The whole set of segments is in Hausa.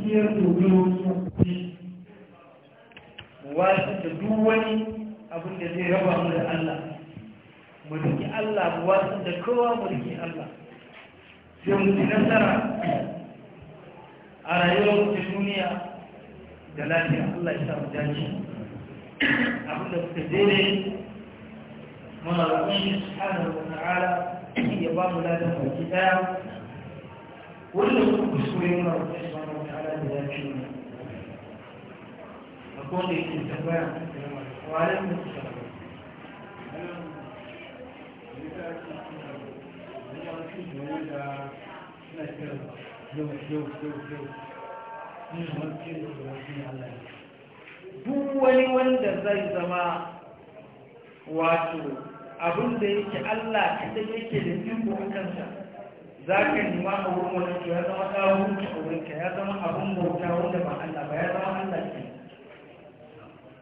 gaskiyar dogaro shi da duwani wani abin da zai raba mu da Allah mu riki Allah mu wasu da kowa mu riki Allah sai mu ci nasara a rayuwar ta duniya da lafiya Allah ya samu dace abin da suka daidai muna roƙon subhanahu wa ta'ala ya ba mu ladan baki daya wanda kuka kuskure muna roƙon ko da tambaya duk wani wanda zai zama wato abinda da yake Allah kada yake da iko a kansa za ka nima a wurin wani ya zama ya zama abin bauta wanda ba Allah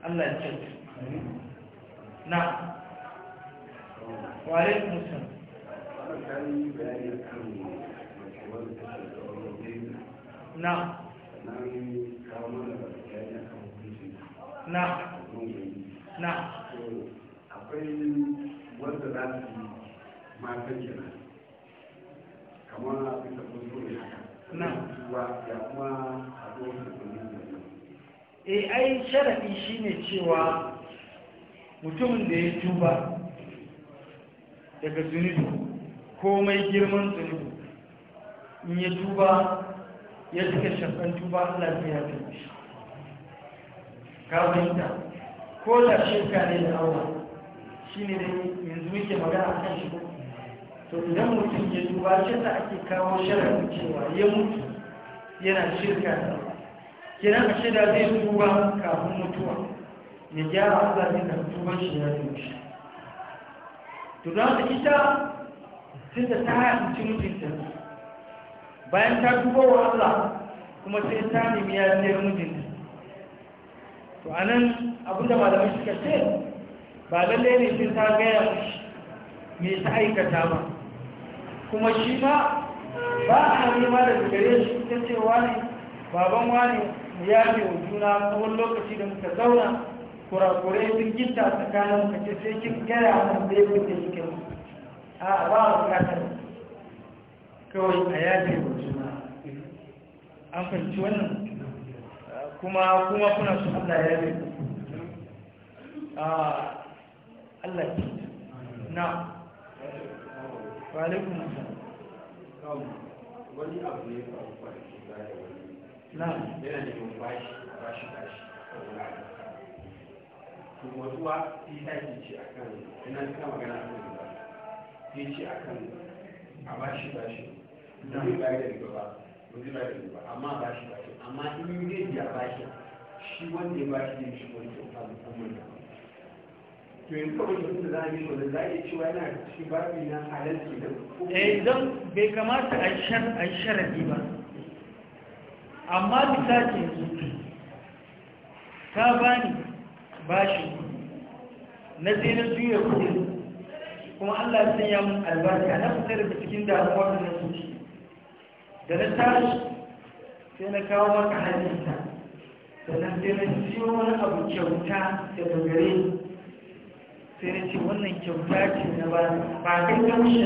Allah ce na wa alaikum na na na akwai wanda za su mata kamar a ya kuma E ai sharaɗi shine cewa mutumin da ya tuba daga zunubi komai girman zunubi in ya tuba ya cika shakan tuba Allah zai ya Ka shi ko da shirka ne da awa shi ne yanzu muke magana kan shi to idan mutum ya tuba shi ta ake kawo sharaɗi cewa ya mutu yana shirka da kenan a shida zai tuba kafin mutuwa ya gyara a ne da tuban shi ya tuba shi to don haka ita sun da ta haɗinci mutunta bayan ta tuba wa Allah kuma sai ta nemi ya sayar mutunta to a nan abinda malamai suka ce ba lallai ne sun ta gaya mushi me ta aikata ba kuma shi ma ba a nema da gare shi ta cewa ne baban wani ya ne wa juna tsawon lokaci da muka zauna kurakure sun gita tsakanin muka sai kin gaya mun zai kuke yi kai a ba a bukatar kawai a yaje wa juna an fahimci wannan kuma kuma kuna su Allah ya yi Allah ki na wa alaikum wani abu ne faru kwanaki da wani yana da neman bashi bashi bashi a wurare to wasuwa ta yi ce a kan ina ta magana a kan ba, ta ce a kan a bashi bashi da zai bayar da riba ba ba zai bayar da riba amma bashi bashi amma in yi zai a bashi shi wanda ya bashi zai shi wani kyauta musamman da to yanzu kawai mutum da za a yi wanda za a iya cewa yana cikin babi na halarci nan? eh zan bai kamata a sharadi ba amma misali ka bani bashi na zina na juya kudi kuma Allah ya sanya mun albarka na fita daga cikin damuwar da na suci da na tashi sai na kawo maka hannunta sannan sai na siyo wani abu kyauta da dogare sai na ce wannan kyauta ce na ba ba kai kamshi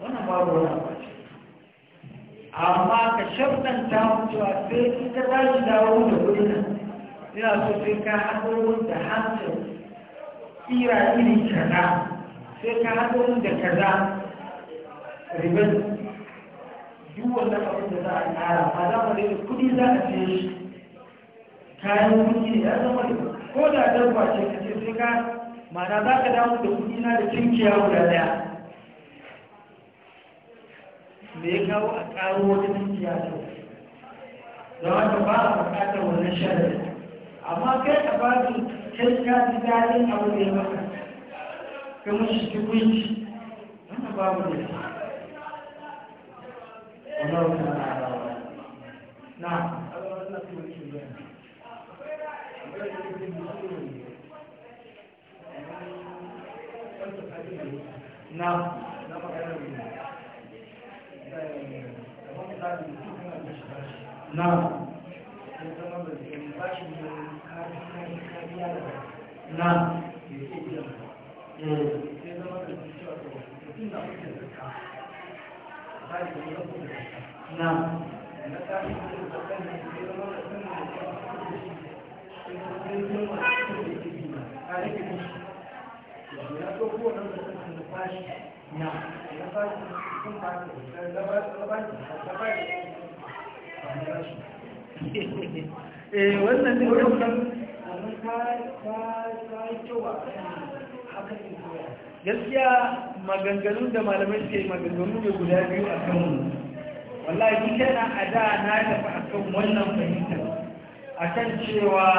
wannan babu wani abu amma ka shabtanta a sai ita za shi dawo da gudunan nan ina so sai ka haɗo da hancin tsira iri kaza sai ka haɗo da kaza ribar duk da abin da za a ƙara ba za mu rage kudi za a ce shi kayan kudi da ya zama ko da dabba ce ka ce sai ka ma'ana za ka dawo da kudi na da cinkiya guda ɗaya me ya kawo a ƙaro wata dukiya da wasu da wata ba a buƙatar wannan sharari amma kai a ba su kai ka ji daɗin abu da ya maka ka mashi tukunci wannan babu da shi Allah ta na na na na eh. na na Eh, gaskiya maganganun da malamai ke maganganu ne guda biyu a kanmu wallahi kana a da na tafi a kan wannan fahimtar a kan cewa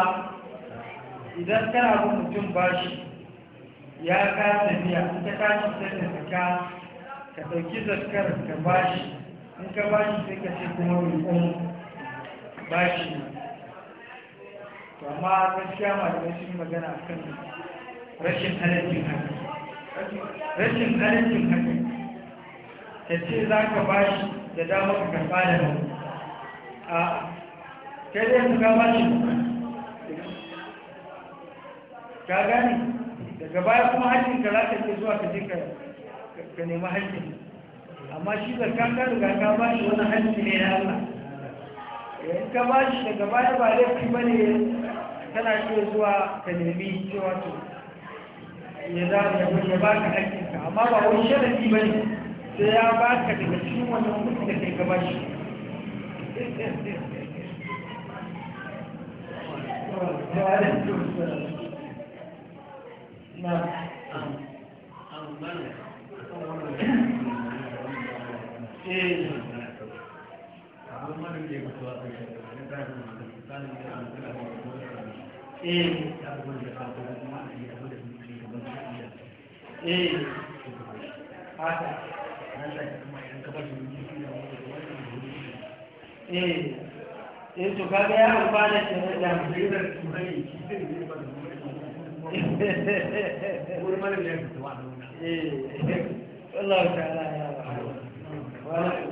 idan kana bin mutum bashi ya kasa biya in ta kashi sai ka ka ɗauki zaskar ka bashi ka ba shi sai ka ce kuma roƙon ba shi amma gaskiya malamai sun magana a kan rashin halittin haka rashin halittin haka ta ce za ka bashi da damar ka karɓa da mu. a ta zai su ka ba ka gani daga baya kuma hajjinka za ka ke zuwa ka je ka nemi hajjinka amma shi da ka riga ba shi wani hanci ne na Allah in ka ba shi daga baya ba laifi ba ne tana iya zuwa ka nemi cewa to ya za ya ba ka haƙƙinka amma ba wani sharadi ba ne sai ya ba ka daga cikin wani hukunci da kai ka ba shi you. eh to Allah ta'ala wani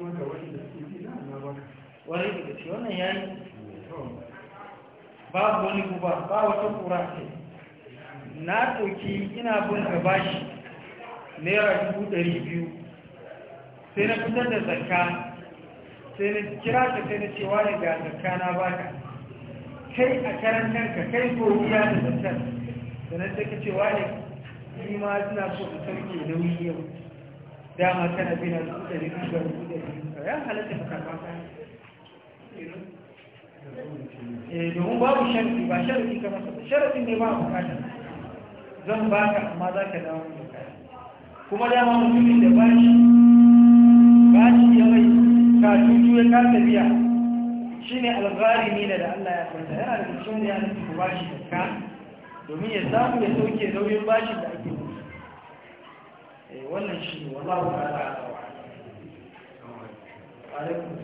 wanda wani da suke na baka wani da ce wannan ya yi babu wani guba ba wata kura ce na ɗauki ina bin ka bashi naira dubu ɗari biyu sai na fitar da zarka sai na kira ka sai na cewa ne ga zarka na baka kai a karantar ka kai ko da zartar da sai ka cewa ne ni ma zina so sarki da wuyi yau dama kana bina dubu ɗari biyu ga dubu ɗari biyu ya halatta ka karfafa ne Eh, domin babu sharfi. ba sharafi ka masa sharafi ne ba bukatar zan baka amma za ka dawo kuma dama mutumin da bashi bashi ya mai katutu ya kasa biya shi ne algari ne da Allah ya kwanta yana da cikin da ya nufi ba shi da ka domin ya samu ya sauke nauyin bashin da ake mutu eh, wannan shi ne wallahu ta'ala alaikum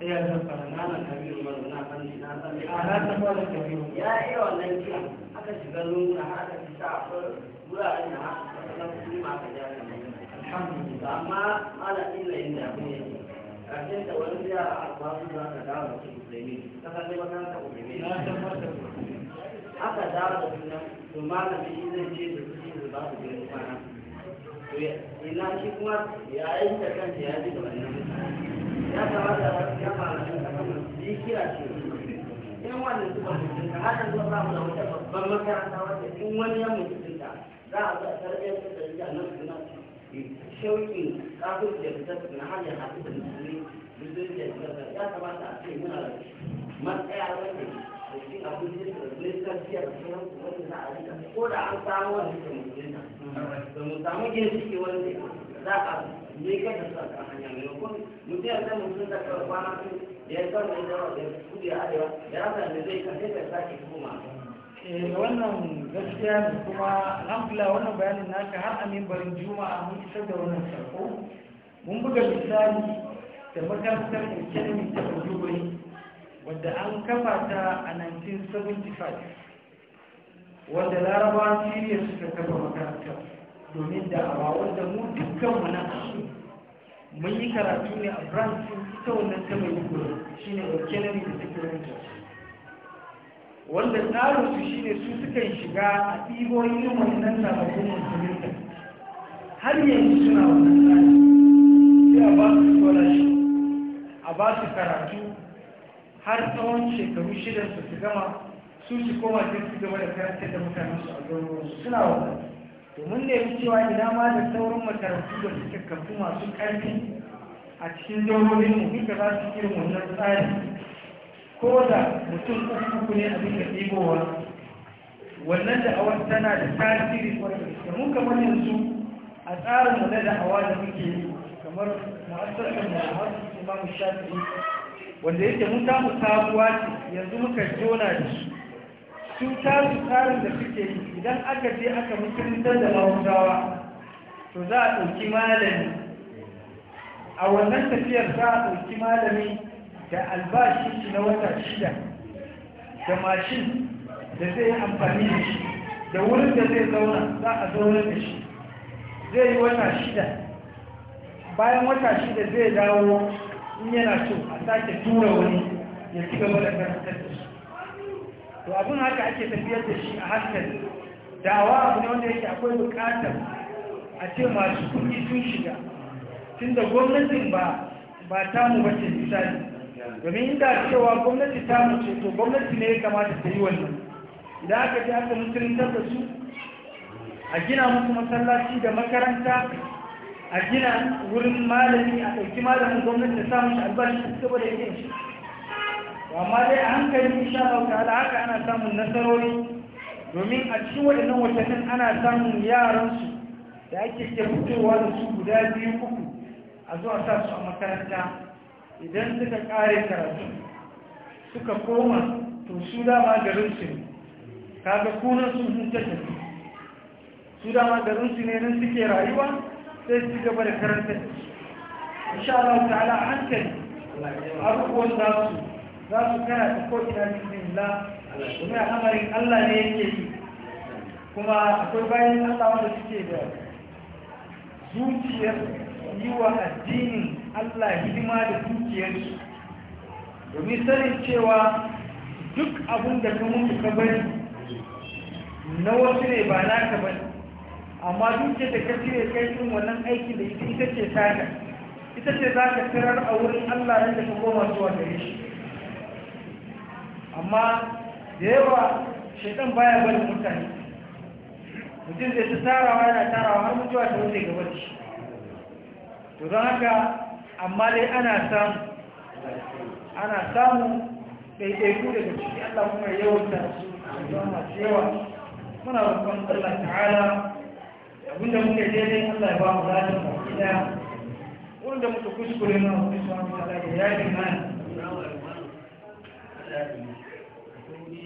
ya zafara nana kabiru mana na kan na tsalle a ranar kwanan kabiru ya yi wannan kiran aka shiga lunguna har aka fi sa wuraren da haka na kuma aka ja alhamdulillah amma ala illa inda abu ne kafin da wani ya alfasu za ka dawo da su musulmi ta kalli wata ta musulmi na tabbatar aka dawo da su nan to malami zai ce da su shi ba su biyan kwana ina shi kuma ya yi da kanta ya ji da wannan mutane in wannan zuba mutum ka hada zuwa za mu da wata babban makaranta wata in wani ya mutum da za a ga tarbiyyar su da jiya nan suna shauƙin kafin da su na hanyar haɗu da musulmi musulmi da da ya kamata a ce muna da matsaya wanda da shi a kudin da ministan jiya da sunan wanda za a rika ko da an samu wani da musulmi da mu samu gina shi wanda za a zai kashe su a kan hanya maimakon mutum ya san mutum da kawai kwana su da ya san mai dawa da kudu ya arewa da ya san da zai kashe ka sake wannan gaskiya ne kuma alhamdulillah wannan bayanin naka har a mimbarin juma'a mun isar da wannan sako mun buga misali da makarantar academy ta maiduguri wadda an kafa ta a 1975 wadda larabawa siriya suka kafa makarantar domin da da'awa da mu dukkan wani na mun yi karatu ne a branch ita wannan ta mai gudu shine auxiliary da security wanda tsarin su ne su suka shiga a ɗibo irin wannan sababbin musulunta har yanzu suna wannan tsari sai a ba su a ba su karatu har tsawon shekaru shidan su gama su su koma sai su gama da karantar da mutanen su a garuruwansu suna wannan to mun nemi cewa ina ma da sauran makarantu da suka kafu masu ƙarfi a cikin zaurorin mu duka za su irin wannan tsari ko da mutum uku ne a duka ɗibowa wannan da awar tana da tasiri kwarai da mun kamar yanzu a tsarin mu na da'awa da muke yi kamar ma'asar da ma'asar mu shafi'i wanda yake mun samu sabuwa yanzu muka jona da su su tarin da suke yi idan aka je aka musuluntar da lahudawa to za a ɗauki malami a wannan tafiyar za a ɗauki malami da albashin shi na wata shida da mashin da zai amfani da shi da wurin da zai zauna za a zauna da shi zai yi wata shida bayan wata shida zai dawo in yana so a sake tura wani ya ci gaba da karantar da shi to abin haka ake tafiyar da shi a hankali dawa abu ne wanda yake akwai bukatar a ce masu kuɗi sun shiga tun da gwamnatin ba ba tamu ba ce misali domin inda cewa gwamnati ta ce to gwamnati ne ya kamata ta yi wannan idan aka ji aka mutumin da su a gina musu masallaci da makaranta a gina wurin malami a ɗauki malamin gwamnati da samun shi albashi saboda yake shi amma dai a hankali insha Allah ta'ala haka ana samun nasarori domin a cikin waɗannan watannin ana samun yaransu da ake ke fitowa da su guda biyu uku a zuwa sa su a makaranta idan suka ƙare karatu suka koma to su dama su ne kaga kunan sun huta tafi su dama su ne nan suke rayuwa sai su gaba da karanta da su insha Allah ta'ala hankali abubuwan za su za su ta ko cikin la kuma hamarin Allah ne yake yi kuma akwai bayan Allah wanda suke da zuciyar yi wa addinin Allah hidima da zuciyarsu. domin sanin cewa duk abin da ka mutu ka bari na wasu ne ba na ka ba amma duk da ka cire kai yin wannan aikin da ita ce taka ita ce za ka tarar a wurin Allah yadda ka koma zuwa gare shi amma da yawa shaitan baya bari mutane mutum zai ta tarawa yana tarawa har mutuwa ta wuce gaba da shi to don haka amma dai ana samu ana samu ɗaiɗaiku daga ciki Allah kuma yawanta su masu yawa muna roƙon Allah ta'ala abinda muke daidai Allah ya ba mu zaɗin ba ɗaya wanda muka kuskure na wani suwa mutane da yaƙi mana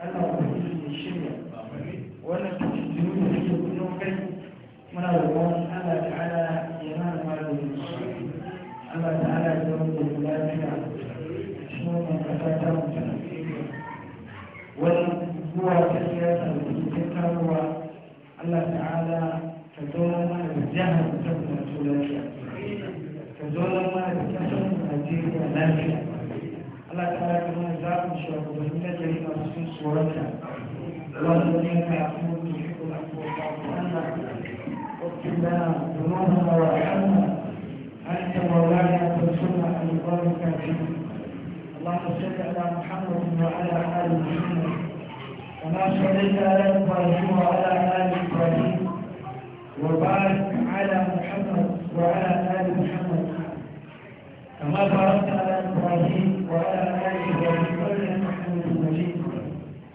Allah ya yi shirya wannan fitinu da yake kullum kai muna roƙon Allah ta'ala ya mana maganin Allah ta'ala ya zama da lafiya cikin wannan kasa ta mutane wani zuwa ta siyasa da ke tattaruwa Allah ta'ala ka zauna mana da jihar ta mutane lafiya ka zauna mana da kasar Najeriya lafiya محمد وعلى آل محمد إبراهيم وعلى آل إبراهيم محمد وعلى آل محمد إبراهيم وعلى آل إبراهيم